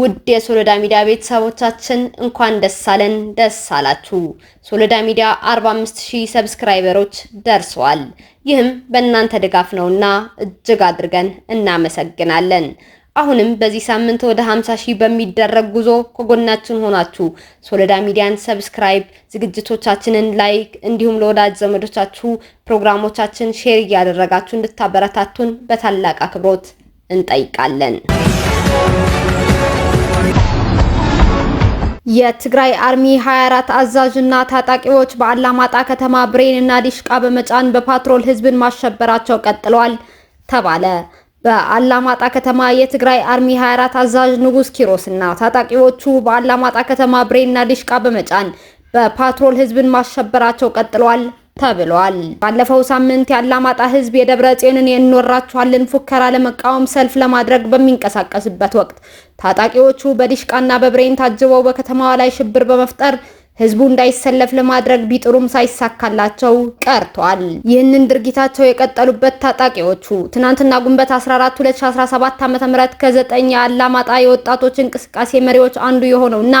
ውድ የሶሎዳ ሚዲያ ቤተሰቦቻችን እንኳን ደስ አለን፣ ደስ አላችሁ። ሶሎዳ ሚዲያ 45000 ሰብስክራይበሮች ደርሰዋል። ይህም በእናንተ ድጋፍ ነውና እጅግ አድርገን እናመሰግናለን። አሁንም በዚህ ሳምንት ወደ 50000 በሚደረግ ጉዞ ከጎናችን ሆናችሁ ሶሎዳ ሚዲያን ሰብስክራይብ፣ ዝግጅቶቻችንን ላይክ፣ እንዲሁም ለወዳጅ ዘመዶቻችሁ ፕሮግራሞቻችን ሼር እያደረጋችሁ እንድታበረታቱን በታላቅ አክብሮት እንጠይቃለን። የትግራይ አርሚ 24 አዛዥና ታጣቂዎች በአላማጣ ከተማ ብሬን እና ዲሽቃ በመጫን በፓትሮል ህዝብን ማሸበራቸው ቀጥለዋል ተባለ። በአላማጣ ከተማ የትግራይ አርሚ 24 አዛዥ ንጉስ ኪሮስ እና ታጣቂዎቹ በአላማጣ ከተማ ብሬን እና ዲሽቃ በመጫን በፓትሮል ህዝብን ማሸበራቸው ቀጥለዋል ተብሏል። ባለፈው ሳምንት የአላማጣ ህዝብ የደብረ ጽዮንን እንወራችኋለን ፉከራ ለመቃወም ሰልፍ ለማድረግ በሚንቀሳቀስበት ወቅት ታጣቂዎቹ በዲሽቃና በብሬን ታጅበው በከተማዋ ላይ ሽብር በመፍጠር ህዝቡ እንዳይሰለፍ ለማድረግ ቢጥሩም ሳይሳካላቸው ቀርቷል። ይህንን ድርጊታቸው የቀጠሉበት ታጣቂዎቹ ትናንትና ጉንበት 14 2017 ዓ.ም ከዘጠኝ የአላማጣ የወጣቶች እንቅስቃሴ መሪዎች አንዱ የሆነውና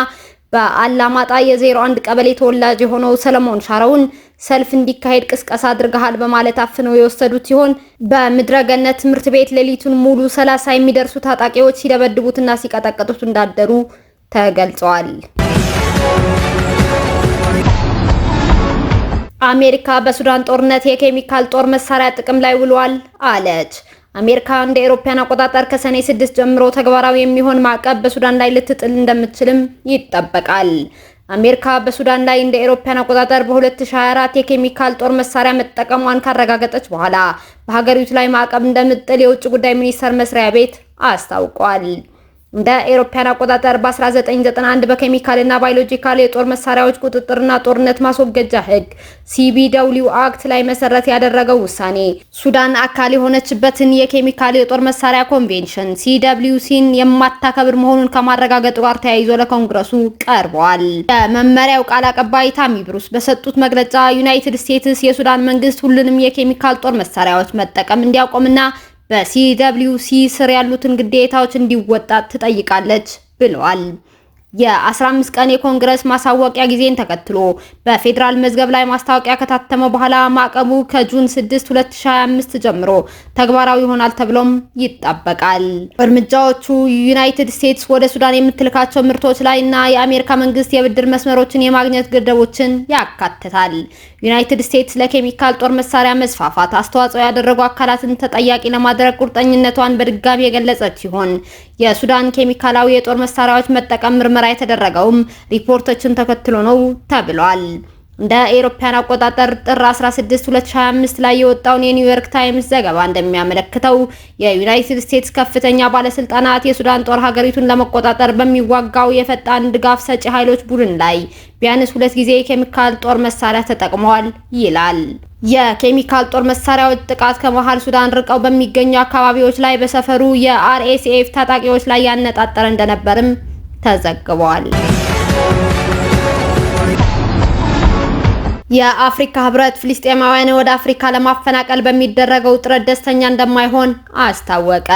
በአላማጣ የ01 ቀበሌ ተወላጅ የሆነው ሰለሞን ሻረውን ሰልፍ እንዲካሄድ ቅስቀሳ አድርገሃል በማለት አፍነው የወሰዱት ሲሆን በምድረገነት ትምህርት ቤት ሌሊቱን ሙሉ ሰላሳ የሚደርሱ ታጣቂዎች ሲደበድቡትና ሲቀጠቅጡት እንዳደሩ ተገልጿል። አሜሪካ በሱዳን ጦርነት የኬሚካል ጦር መሳሪያ ጥቅም ላይ ውሏል አለች። አሜሪካ እንደ አውሮፓውያን አቆጣጠር ከሰኔ 6 ጀምሮ ተግባራዊ የሚሆን ማዕቀብ በሱዳን ላይ ልትጥል እንደምትችልም ይጠበቃል። አሜሪካ በሱዳን ላይ እንደ አውሮፓውያን አቆጣጠር በ2024 የኬሚካል ጦር መሳሪያ መጠቀሟን ካረጋገጠች በኋላ በሀገሪቱ ላይ ማዕቀብ እንደምትጥል የውጭ ጉዳይ ሚኒስቴር መስሪያ ቤት አስታውቋል። እንደ ኤሮፓያን አቆጣጠር በ1991 በኬሚካልና ባዮሎጂካል የጦር መሳሪያዎች ቁጥጥርና ጦርነት ማስወገጃ ህግ ሲቢደብሊው አክት ላይ መሰረት ያደረገው ውሳኔ ሱዳን አካል የሆነችበትን የኬሚካል የጦር መሳሪያ ኮንቬንሽን ሲደብሊውሲን የማታከብር መሆኑን ከማረጋገጡ ጋር ተያይዞ ለኮንግረሱ ቀርቧል። የመመሪያው ቃል አቀባይ ታሚ ብሩስ በሰጡት መግለጫ ዩናይትድ ስቴትስ የሱዳን መንግስት ሁሉንም የኬሚካል ጦር መሳሪያዎች መጠቀም እንዲያቆምና በሲደብሊውሲ ስር ያሉትን ግዴታዎች እንዲወጣ ትጠይቃለች ብለዋል። የ15 ቀን የኮንግረስ ማሳወቂያ ጊዜን ተከትሎ በፌዴራል መዝገብ ላይ ማስታወቂያ ከታተመ በኋላ ማዕቀቡ ከጁን 6 2025 ጀምሮ ተግባራዊ ይሆናል ተብሎም ይጠበቃል። እርምጃዎቹ ዩናይትድ ስቴትስ ወደ ሱዳን የምትልካቸው ምርቶች ላይ እና የአሜሪካ መንግስት የብድር መስመሮችን የማግኘት ገደቦችን ያካትታል። ዩናይትድ ስቴትስ ለኬሚካል ጦር መሳሪያ መስፋፋት አስተዋጽኦ ያደረጉ አካላትን ተጠያቂ ለማድረግ ቁርጠኝነቷን በድጋሚ የገለጸች ሲሆን የሱዳን ኬሚካላዊ የጦር መሳሪያዎች መጠቀም ምርመራ ምርመራ የተደረገውም ሪፖርቶችን ተከትሎ ነው ተብሏል። እንደ አውሮፓውያን አቆጣጠር ጥር 16 2025 ላይ የወጣውን የኒውዮርክ ታይምስ ዘገባ እንደሚያመለክተው የዩናይትድ ስቴትስ ከፍተኛ ባለስልጣናት የሱዳን ጦር ሀገሪቱን ለመቆጣጠር በሚዋጋው የፈጣን ድጋፍ ሰጪ ኃይሎች ቡድን ላይ ቢያንስ ሁለት ጊዜ የኬሚካል ጦር መሳሪያ ተጠቅመዋል ይላል። የኬሚካል ጦር መሳሪያዎች ጥቃት ከመሃል ሱዳን ርቀው በሚገኙ አካባቢዎች ላይ በሰፈሩ የአርኤስኤፍ ታጣቂዎች ላይ ያነጣጠረ እንደነበርም ተዘግቧል። የአፍሪካ ህብረት ፍልስጤማውያን ወደ አፍሪካ ለማፈናቀል በሚደረገው ጥረት ደስተኛ እንደማይሆን አስታወቀ።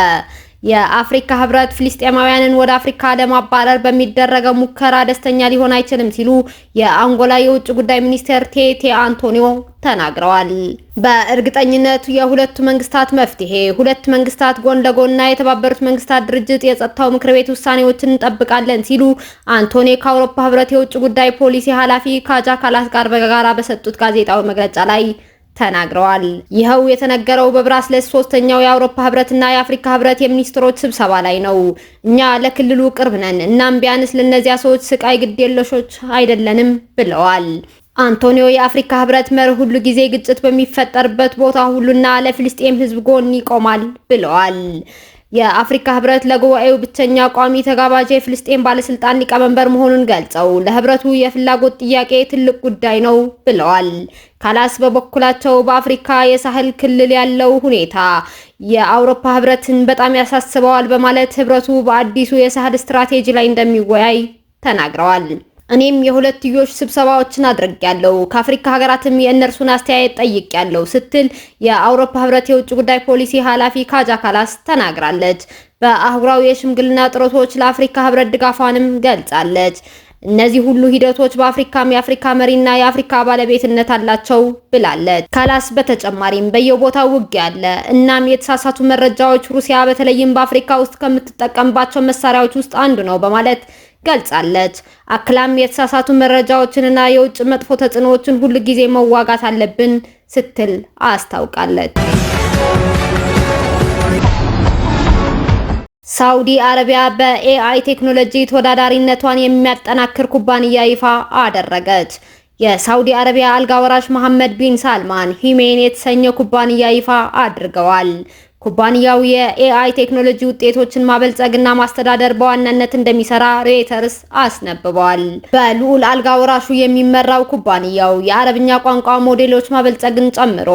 የአፍሪካ ህብረት ፍልስጤማውያንን ወደ አፍሪካ ለማባረር በሚደረገው ሙከራ ደስተኛ ሊሆን አይችልም ሲሉ የአንጎላ የውጭ ጉዳይ ሚኒስቴር ቴቴ አንቶኒዮ ተናግረዋል። በእርግጠኝነት የሁለቱ መንግስታት መፍትሄ ሁለት መንግስታት ጎን ለጎንና የተባበሩት መንግስታት ድርጅት የጸጥታው ምክር ቤት ውሳኔዎችን እንጠብቃለን ሲሉ አንቶኒ ከአውሮፓ ህብረት የውጭ ጉዳይ ፖሊሲ ኃላፊ ካጃ ካላስ ጋር በጋራ በሰጡት ጋዜጣዊ መግለጫ ላይ ተናግረዋል። ይኸው የተነገረው በብራስሌስ ሶስተኛው የአውሮፓ ህብረትና የአፍሪካ ህብረት የሚኒስትሮች ስብሰባ ላይ ነው። እኛ ለክልሉ ቅርብ ነን፣ እናም ቢያንስ ለእነዚያ ሰዎች ስቃይ ግዴለሾች አይደለንም ብለዋል። አንቶኒዮ የአፍሪካ ህብረት መርህ ሁሉ ጊዜ ግጭት በሚፈጠርበት ቦታ ሁሉና ለፊልስጤም ህዝብ ጎን ይቆማል ብለዋል። የአፍሪካ ህብረት ለጉባኤው ብቸኛ ቋሚ ተጋባዥ የፍልስጤን ባለስልጣን ሊቀመንበር መሆኑን ገልጸው ለህብረቱ የፍላጎት ጥያቄ ትልቅ ጉዳይ ነው ብለዋል። ካላስ በበኩላቸው በአፍሪካ የሳህል ክልል ያለው ሁኔታ የአውሮፓ ህብረትን በጣም ያሳስበዋል በማለት ህብረቱ በአዲሱ የሳህል ስትራቴጂ ላይ እንደሚወያይ ተናግረዋል። እኔም የሁለትዮሽ ስብሰባዎችን አድርጌያለሁ። ከአፍሪካ ሀገራትም የእነርሱን አስተያየት ጠይቄያለሁ ስትል የአውሮፓ ህብረት የውጭ ጉዳይ ፖሊሲ ኃላፊ ካጃ ካላስ ተናግራለች። በአህጉራዊ የሽምግልና ጥረቶች ለአፍሪካ ህብረት ድጋፏንም ገልጻለች። እነዚህ ሁሉ ሂደቶች በአፍሪካም የአፍሪካ መሪና የአፍሪካ ባለቤትነት አላቸው ብላለች። ካላስ በተጨማሪም በየቦታው ውጊያ አለ፣ እናም የተሳሳቱ መረጃዎች ሩሲያ በተለይም በአፍሪካ ውስጥ ከምትጠቀምባቸው መሳሪያዎች ውስጥ አንዱ ነው በማለት ገልጻለች። አክላም የተሳሳቱ መረጃዎችንና የውጭ መጥፎ ተጽዕኖዎችን ሁል ጊዜ መዋጋት አለብን ስትል አስታውቃለች። ሳውዲ አረቢያ በኤአይ ቴክኖሎጂ ተወዳዳሪነቷን የሚያጠናክር ኩባንያ ይፋ አደረገች። የሳውዲ አረቢያ አልጋ ወራሽ መሐመድ ቢን ሳልማን ሂሜን የተሰኘ ኩባንያ ይፋ አድርገዋል። ኩባንያው የኤአይ ቴክኖሎጂ ውጤቶችን ማበልጸግና ማስተዳደር በዋናነት እንደሚሰራ ሬተርስ አስነብበዋል። በልዑል አልጋ ወራሹ የሚመራው ኩባንያው የአረብኛ ቋንቋ ሞዴሎች ማበልጸግን ጨምሮ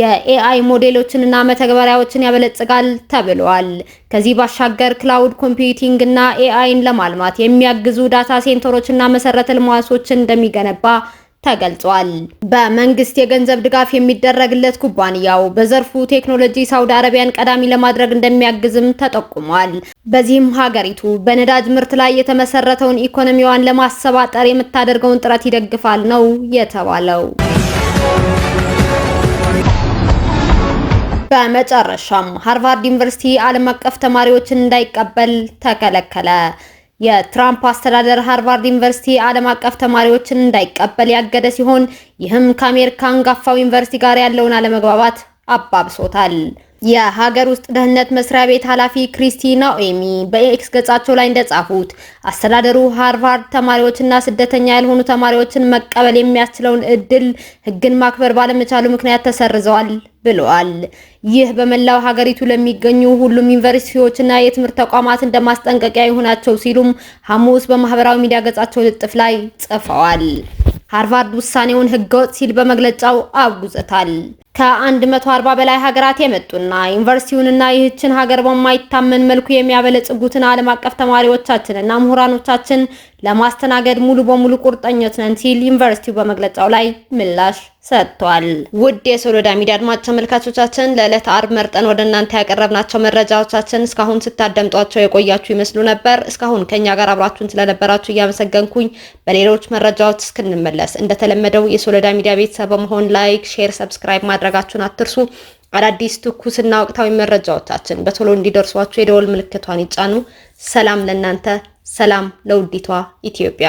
የኤአይ ሞዴሎችንና መተግበሪያዎችን ያበለጽጋል ተብሏል። ከዚህ ባሻገር ክላውድ ኮምፒውቲንግ እና ኤአይን ለማልማት የሚያግዙ ዳታ ሴንተሮችና መሰረተ ልማቶችን እንደሚገነባ ተገልጿል። በመንግስት የገንዘብ ድጋፍ የሚደረግለት ኩባንያው በዘርፉ ቴክኖሎጂ ሳውዲ አረቢያን ቀዳሚ ለማድረግ እንደሚያግዝም ተጠቁሟል። በዚህም ሀገሪቱ በነዳጅ ምርት ላይ የተመሰረተውን ኢኮኖሚዋን ለማሰባጠር የምታደርገውን ጥረት ይደግፋል ነው የተባለው። በመጨረሻም ሃርቫርድ ዩኒቨርሲቲ ዓለም አቀፍ ተማሪዎችን እንዳይቀበል ተከለከለ። የትራምፕ አስተዳደር ሃርቫርድ ዩኒቨርሲቲ ዓለም አቀፍ ተማሪዎችን እንዳይቀበል ያገደ ሲሆን ይህም ከአሜሪካ አንጋፋው ዩኒቨርሲቲ ጋር ያለውን አለመግባባት አባብሶታል። የሀገር ውስጥ ደህንነት መስሪያ ቤት ኃላፊ ክሪስቲና ኦኤሚ በኤክስ ገጻቸው ላይ እንደጻፉት አስተዳደሩ ሃርቫርድ ተማሪዎችና ስደተኛ ያልሆኑ ተማሪዎችን መቀበል የሚያስችለውን እድል ህግን ማክበር ባለመቻሉ ምክንያት ተሰርዘዋል ብለዋል። ይህ በመላው ሀገሪቱ ለሚገኙ ሁሉም ዩኒቨርሲቲዎችና የትምህርት ተቋማት እንደማስጠንቀቂያ ይሆናቸው ሲሉም ሐሙስ በማህበራዊ ሚዲያ ገጻቸው ልጥፍ ላይ ጽፈዋል። ሃርቫርድ ውሳኔውን ህገወጥ ሲል በመግለጫው አውግዞታል። ከአንድ መቶ አርባ በላይ ሀገራት የመጡና ዩኒቨርሲቲውንና ይህችን ሀገር በማይታመን መልኩ የሚያበለጽጉትን ዓለም አቀፍ ተማሪዎቻችንና ምሁራኖቻችን ለማስተናገድ ሙሉ በሙሉ ቁርጠኞች ነን ሲል ዩኒቨርሲቲው በመግለጫው ላይ ምላሽ ሰጥቷል። ውድ የሶሎዳ ሚዲያ አድማጭ ተመልካቾቻችን ለዕለት አርብ መርጠን ወደ እናንተ ያቀረብናቸው መረጃዎቻችን እስካሁን ስታደምጧቸው የቆያችሁ ይመስሉ ነበር። እስካሁን ከኛ ጋር አብራችሁን ስለነበራችሁ እያመሰገንኩኝ በሌሎች መረጃዎች እስክንመለስ እንደተለመደው የሶሎዳ ሚዲያ ቤተሰብ በመሆን ላይክ፣ ሼር፣ ሰብስክራይብ ማድረጋችሁን አትርሱ። አዳዲስ ትኩስና ወቅታዊ መረጃዎቻችን በቶሎ እንዲደርሷችሁ የደወል ምልክቷን ይጫኑ። ሰላም ለእናንተ፣ ሰላም ለውዲቷ ኢትዮጵያ።